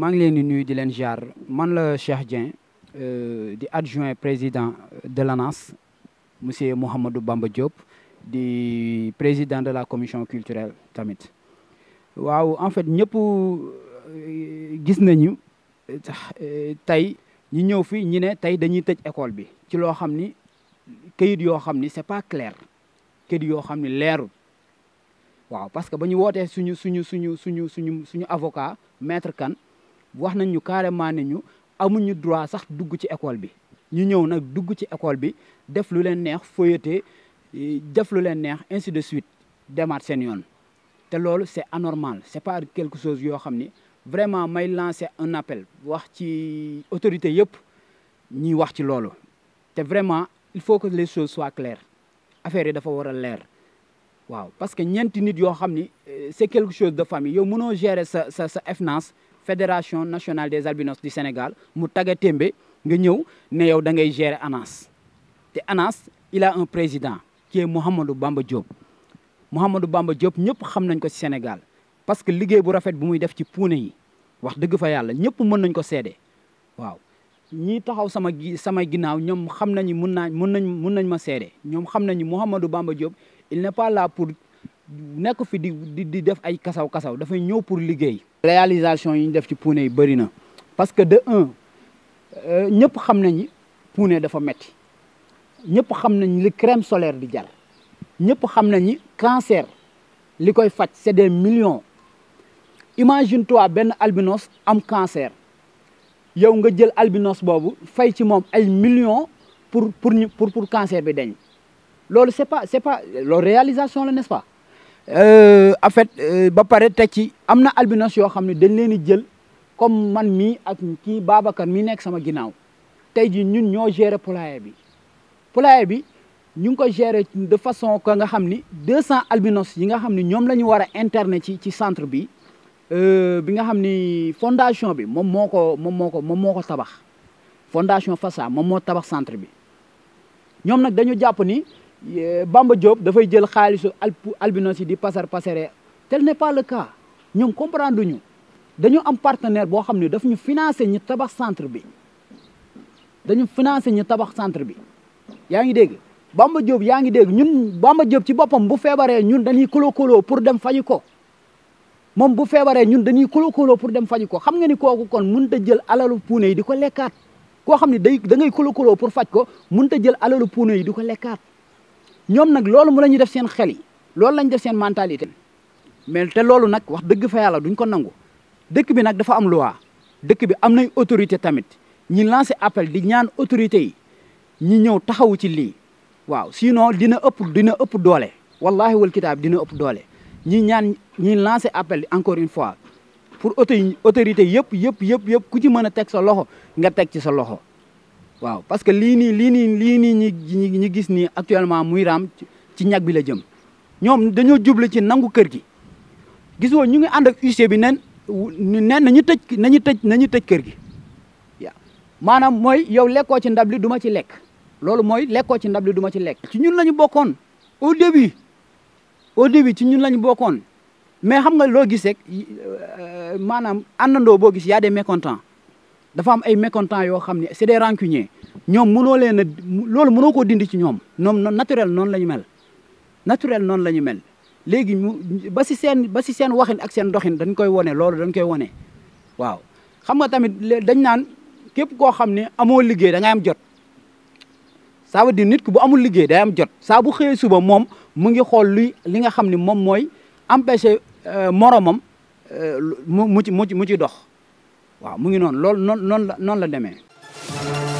maa ngi leen di nuyu di leen jaar man la Cheikh Dieng euh, di adjoint président de l'ANAS monsieur Mouhamadou Bamba Diop di président de la commission culturelle tamit waaw en fait ñëpp euh, gis nañu euh, tey ñu ñëw fii ñu ne tey dañuy tëj école bi ci loo xam ni kayit yoo xam ni c'est pas clair këyit yoo xam ni leeru waaw parce que ba ñu wootee suñu suñu suñu suñu suñu suñu avocat maître Kane wax nañ ñu carrément ne ñu amuñu droit sax dugg ci école bi ñu ñëw nag dugg ci école bi def lu leen neex feuilleté def lu leen neex ainsi de suite demaat seen yoon te loolu c'est anormal c'est pas quelque chose yoo xam ni vraiment may lancer un appel wax ci autorité yëpp ñuy wax ci loolu te vraiment il faut que les choses soient claires affaire yi dafa war a leer waaw parce que ñeenti nit yoo xam ni euh, c'est quelque chose de famille yow mënoo gérer sa sa sa FNAS fédération nationale des albinos du Sénégal mu tagga témbe nga ñëw ne yow da ngay gérer ANAS te ANAS il a un président qui est Mouhamadou Bamba Diop Mouhamadou Bamba Diop ñëpp xam nañ ko ci Sénégal parce que liggéey bu rafet bu muy def ci puune yi wax dëgg fa yàlla ñëpp mën nañ ko seede waaw ñii taxaw sama sama ginnaaw ñoom xam nañu mën naa mën nañ mun nañ ma seede ñoom xam nañu Mouhamadou Bamba Diop il n'est pas là pour nekk fi di di def ay kasaw kasaw dafay ñëw pour liggéey. réalisation yi ñu def ci Puune yi bëri na parce que de un euh, ñëpp xam nañu Puune dafa metti ñëpp xam nañ li crème solaire di jar ñëpp xam nañu cancer li koy faj c'est des millions imagine toi benn albinos am cancer yow nga jël albinos boobu fay ci moom ay millions pour pour ñu pour pour cancer bi dañ loolu c'est pas c'est pas loolu réalisation la nest pas. Euh, en fait euh, ba pare teg ci am na albinos yoo xam ne dañ leen di jël comme man mii ak kii Babacar mii nekk sama ginnaaw tey jii ñun ñoo gere poulailler bi poulailler bi ñu ngi ko gere de façon que nga xam ni deux cent albinos yi nga xam ni ñoom la ñu war a interner ci ci centre bi euh, bi nga xam ni fondation bi moom moo ko moom moo ko moom moo ko tabax fondation Fassa moom moo tabax centre bi ñoom nag dañu jàpp ni Euh, Bamba Diop dafay jël xaalisu albinos yi di pasar pasare tel n'est pas le cas ñoom comprendre ñu dañu am partenaire boo xam ne daf ñu financé ñu tabax centre bi dañu finance ñu tabax centre bi yaa ngi dégg Bamba jóob yaa ngi dégg ñun Bamba Diop ci boppam bu feebaree ñun dañuy kolo pour dem faji ko moom bu feebaree ñun dañuy kolo pour dem faji ko xam nga ni kooku kon mënut a jël alalu puune yi di ko lekkaat koo xam ne day da ngay kolo pour faj ko mënut a jël alalu puune yi di ko lekkaat ñoom nag loolu mu la ñuy def seen xel yi loolu lañ def seen mentalité mais te loolu nag wax dëgg fa yàlla duñ ko nangu dëkk bi nag dafa am loi dëkk bi am nay autorité tamit ñi lancé appel di ñaan autorité yi ñi ñëw taxawu ci lii waaw noo dina ëpp dina ëpp doole wallahi wal kitaab dina ëpp doole ñi ñaan ñi lancé appel encore une fois pour auto autorité yëpp yëpp yëpp yëpp ku ci mën a teg sa loxo nga teg ci sa loxo waaw parce que lii nii lii nii lii nii ñi ñi gis nii actuellement muy raam ci ñag bi la jëm ñoom dañoo jublu ci nangu kër gi gisoo ñu ngi ànd ak huissier bi nen nen ñu tëj nañu tëj nañu tëj kër gi waaw maanaam mooy yow lekkoo ci ndab li duma ci lekk loolu mooy lekkoo ci ndab li duma ci lekk ci ñun lañu bokkoon au début au début ci ñun lañu bokkoon mais xam nga loo giseek rek euh, maanaam àndandoo boo gis yaa des mécontents dafa am ay mécontents yoo xam ne c'est des rancuniers ñoom munoo leen a loolu mënoo koo dindi ci ñoom ñoom naturel noonu la ñu mel naturel noonu la ñu mel léegi ñu ba si seen ba si seen waxin ak seen doxin dañ koy wone loolu dañ koy wone waaw xam nga tamit dañ naan képp koo xam ne amoo liggéey da ngay am jot ça veut nit ku bu amul liggéey day am jot saabu bu xëyee suba moom mu ngi xool luy li nga xam ni moom mooy empêcher euh, moromam euh, mu mu ci mu ci dox waaw mu ngi noonu loolu noonu noonu la noonu la demee.